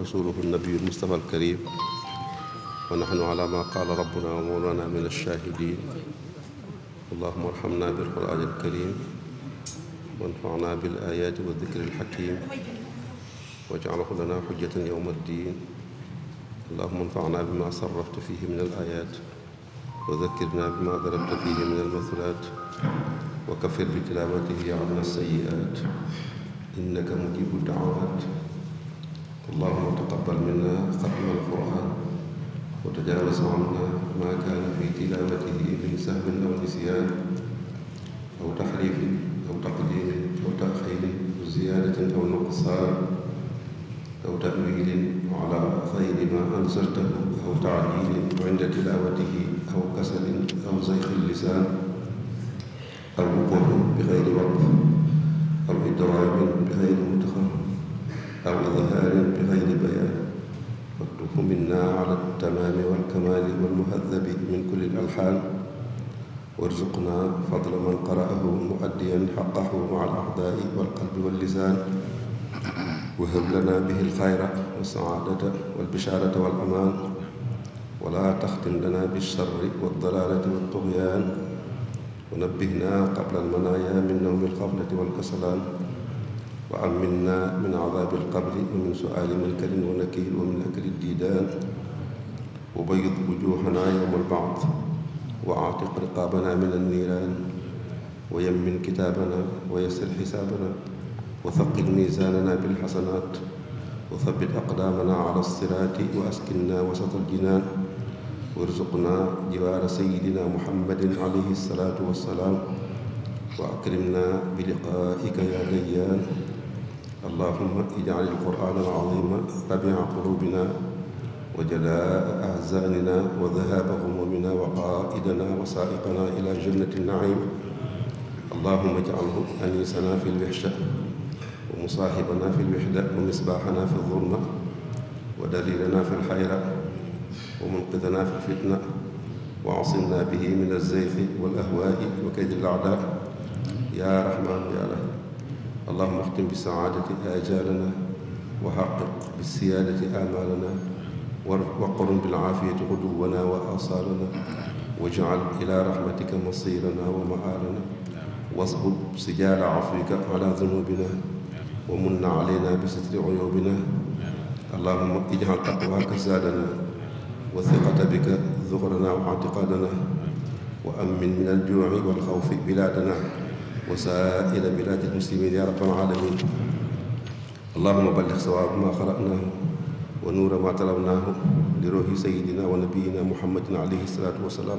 rasuluhu nabiyu lmustafa alkarim wa nahnu ala ma qaala rabbuna wa mawlana min alshahidin allahuma arhamna bilqur'ani alkarim wanfana bilayati wa dikri alxakim wajcalahu lana xujjatan yowma addin allahuma anfacna bima sarafta fihi min alayat wa dakkirna bima darabta fihi min almathulat wa kafir bi tilaawatihi anna sayyi'at innaka mujibu da'awaat allahuma taqabal minna xatma alquran wa tajawaz anna ma kaana fi tilawatihi min sahmin aw nisyan aw taxrifin aw taqdimin aw taxirin aw ziyadatin aw nuqsaan aw tahwilin ala xayri ma ansartahu aw taadilin inda tilawatihi aw kasalin aw zayxi lisan aw wuqufin bi xayri waqf aw idraamin bi xayri mutaxarrif aw idhaarin bi gayri bayaan waktuhu minnaa alaa tamaami wal kamaali wal muhadhabi min kulli alxaan warzuqnaa fadla man qara'ahu muaddiyan xaqahu maa al a'daa'i wal qalbi wal lisaan wahab lanaa bihi al xayra wa saadata wal bishaarata wal amaan wala taxtim lanaa bi sharri wa dalaalati wa tugyaan wa nabbihnaa qabla al manaayaa min nawmi al xaflati wal kasalaan wa aminna min adaabi alqabri wa min suaali mankarin wa nakiir wa min akli diidaan wa bayid wujuuhanaa yawma albaas wa aatiq riqaabanaa min anniiraan wa yammin kitaabanaa wa yassir xisaabanaa wa thaqil miizaananaa bilxasanaat wa thabbit aqdaamanaa alaa siraati wa askinnaa wasata aljinaan warzuqnaa jiwaara sayyidinaa muhammadin alayhi salaatu wa salaam wa akrimnaa bi liqaa'ika yaa dayyaan allahuma ijcal alquran alazima rabia qulubina wa jalaa ahzanina wa dahaba humumina wa qaidana wa saaiqana ila jannati naim allahuma ijcalhu anisana fi lwixsha wa musaahibana fi lwixda wa misbaaxana fi lzulma wa dalilana fi lxayra wa munqidana fi lfitna wa asimna bihi min alzeyxi wal ahwaai wa kaydi alaadaa yaa raxmaan yaa raxiim allahuma axtim bi saadati ajalana wa xaqiq bi siyaadati amalana waqrun bil aafiyati xuduwana wa asaalana wajal ila rahmatika masirana wa maalana wasbub sijaala afwika ala zunubina wa munna alayna bi sitri uyubina allahuma ijal taqwaaka saadana wa siqata bika zuxrana wa atiqaadana wa amin min aljuuci walxawfi bilaadana وسائر بلاد المسلمين يا رب العالمين اللهم بلغ صواب ما قرأناه ونور ما تلوناه لروح سيدنا ونبينا محمد عليه الصلاة والسلام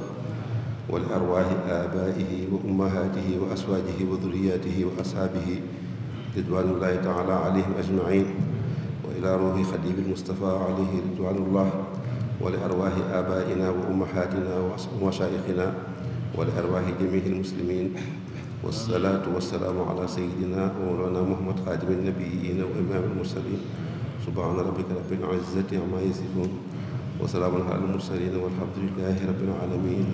ولأرواح آبائه وأمهاته وأزواجه وذرياته وأصحابه رضوان الله تعالى عليهم أجمعين وإلى روح خليل المصطفى عليه رضوان الله ولأرواح آبائنا وأمهاتنا ومشايخنا ولأرواح جميع المسلمين wasalaatu wasalaamu ala sayidina wa mawlana muhammad xaatimi nabiyiina wa imaam almursalin subhaana rabbika rabbil izzati amma yasifun wa salaamun ala almursalin walhamdulilahi rabbil alamin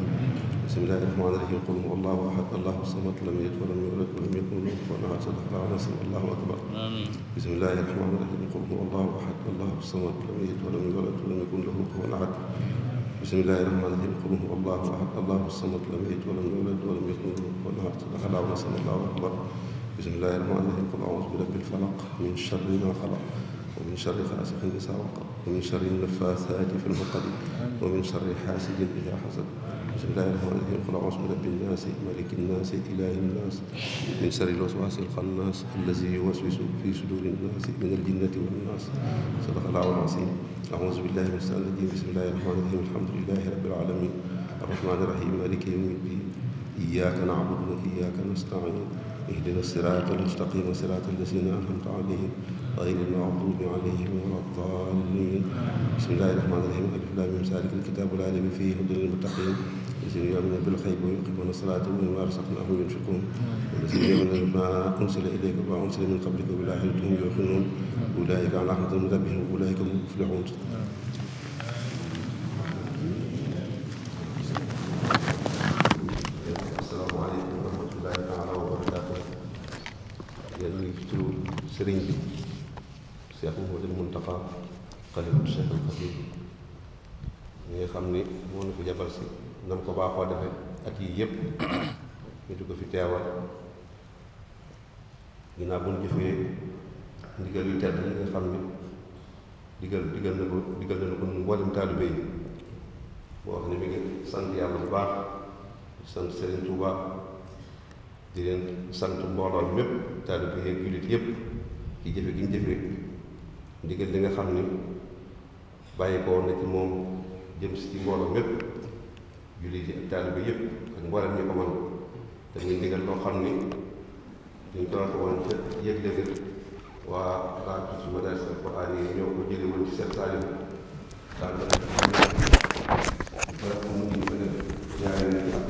bismillahi rahmaani rahim qul huwa allahu ahad allahu samad lam yalid walam yulad walam yakun lahu kufuwan ahad sadaqa al-aziim allahu akbar bismillahi rahmaani rahim qul huwa allahu ahad allahu samad lam yalid walam yulad walam yakun lahu kufuwan ahad bismillaahi rahmaani rahiim qul huwa allaahu ahad allaahu samad lam yalid wa lam yuulad wa lam yakun lahu kufuwan ahad allaahu akbar bismillaahi rahmaani rahiim qul auudu bi rabbil falaq min sharri maa xalaq wa min sharri xaasiqin izaa waqab wa min sharri naffaasaati fil uqad wa min sharri xaasidin izaa hasad bismillaahi rahmaani rahiim qul auudu bi rabbin naasi malikin naasi ilaahin naasi min sharril waswaasil xannaas allazii yuwaswisu fii suduurin naasi minal jinnati wan naas sadaqa llaahu l-aziim أعوذ بالله من الشيطان الرجيم بسم الله الرحمن الرحيم الحمد لله رب العالمين الرحمن الرحيم مالك يوم الدين إياك نعبد وإياك نستعين اهدنا الصراط المستقيم صراط الذين أنعمت عليهم غير المغضوب عليهم ولا الضالين بسم الله الرحمن الرحيم ألف لام ميم ذلك الكتاب لا ريب فيه هدى للمتقين الذين يؤمنون بالغيب ويقيمون الصلاة ومما رزقناهم ينفقون والذين يؤمنون بما أنزل إليك وما أنزل من قبلك وبالآخرة هم يوقنون أولئك على حظ من ربهم وأولئك هم المفلحون sëriñ bi Cheikh Mouhamadoul Mountakha xalifa Cheikh al Xadim ñi nga xam ni moo na fi jabal si nam ko baaxoo defe ak yii yëpp ñu di ko fi teewal ginnaaw bu ñu jëfee ndigal yu tedd yi nga xam ne digal digal na ko digal na ko nu mboolem taalibe yi boo wax ne mi ngi sant yàlla bu baax sant Serigne Touba di leen sant mbooloo mépp taalibe yi ak jullit yëpp ci jëfe gi ñu jëfee ndigal li nga xam ne bàyyi ko na ci moom jëm si ci mbooloo mépp jullit yi ak taalibe yëpp ak mboolem ñu ko mën te muy ndigal koo xam ni duñ ko waxee woon ca yëg-yëg waa rajo madaris al Quran yi ñoo ko jëlee woon ci seen taalib daal ba mu ñu ko def ñaare na ak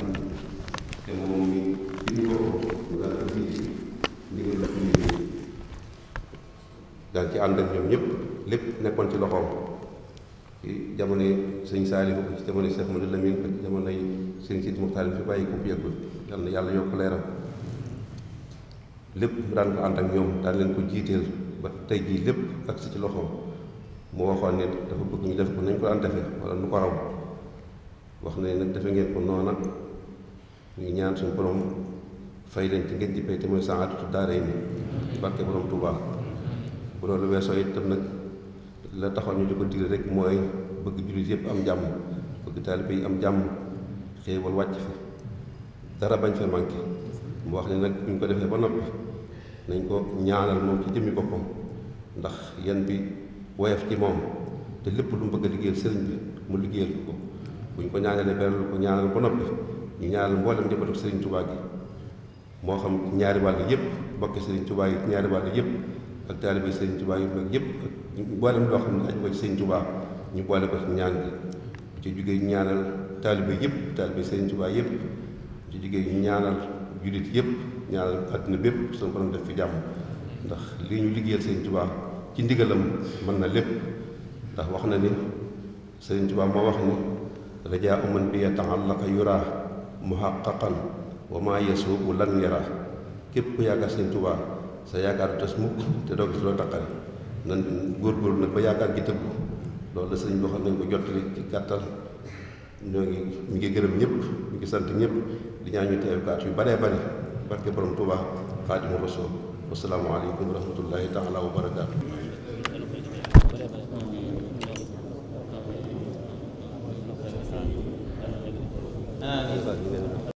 te moom mi bind ko mu daal ko bind ndigal la ci ànd ak ñoom ñëpp lépp nekkoon ci loxoom. ci jamonoy sëñ Saalihu ci jamonoy Cheikh Mouhamadou Lamine ba ci jamonoy sëñ Sidi Muxtaar bi fi bàyyi ko bu yàggul yal na yàlla yokk leeram lépp mu daan ko ànd ak ñoom daan leen ko jiiteel ba tey jii lépp ak si ci loxoom mu waxoon ne dafa bëgg ñu def ko nañ ko daan defee nu ko raw wax na nag ngeen ko noona ñu ngi ñaan suñu borom fay leen ci ngeen jippee te mooy Saadatu Daarayni barke borom Tuubaa bu loolu weesoo itam nag la taxaw ñu di ko digle rek mooy bëgg jullit yëpp am jàmm bëgg taalibe yi am jàmm xéewal wàcc fi dara bañ fa manqué mu wax ne nag bu ñu ko defee ba noppi nañ ko ñaanal moom ci jëmmi boppam ndax yan bi woyof ci moom te lépp lu mu bëgg a liggéeyal sëriñ bi mu liggéeyal ko bu ñu ko ñaanalee beral ko ñaanal ba noppi ñu ñaanal mboolem njabootu sëriñ Tuubaa gi moo xam ñaari wàll yëpp bokk sëriñ Tuubaa yi ñaari wàll yëpp ak taalibe sëriñ Tuubaa yi mag ñu boolem loo ci sëñ ñu boole ko ci ñaan bi ci yëpp taaliba sëñ Tuubaa yëpp ci jugee ñaanal jullit yëpp ñaanal àdduna bépp suñu borom def fi jàmm ndax li ñu liggéeyal sëñ Tuubaa ci ndigalam mën na lépp ndax wax na ni sëñ Tuubaa moo wax ni rajaa uman bi yata'allaqa yuraa mu muhaqqaqan wa maa yasuubu lan yaraa képp ku yaakaar sëñ Tuubaa sa yaakaar du mukk te doo gis loo taqale nan góor nag ba yaakaar gi tëbb loolu la sañ bi waxoon nañ ko jottali ci gàttal ñoo ngi ñu ngi gërëm ñëpp ñu ngi sant ñëpp di ñaan ñu teew kaat yu baree bari barke borom Tuubaa Xaadimu Rasuul wasalaamualeykum wa rahmatullahi taala wa barakaatu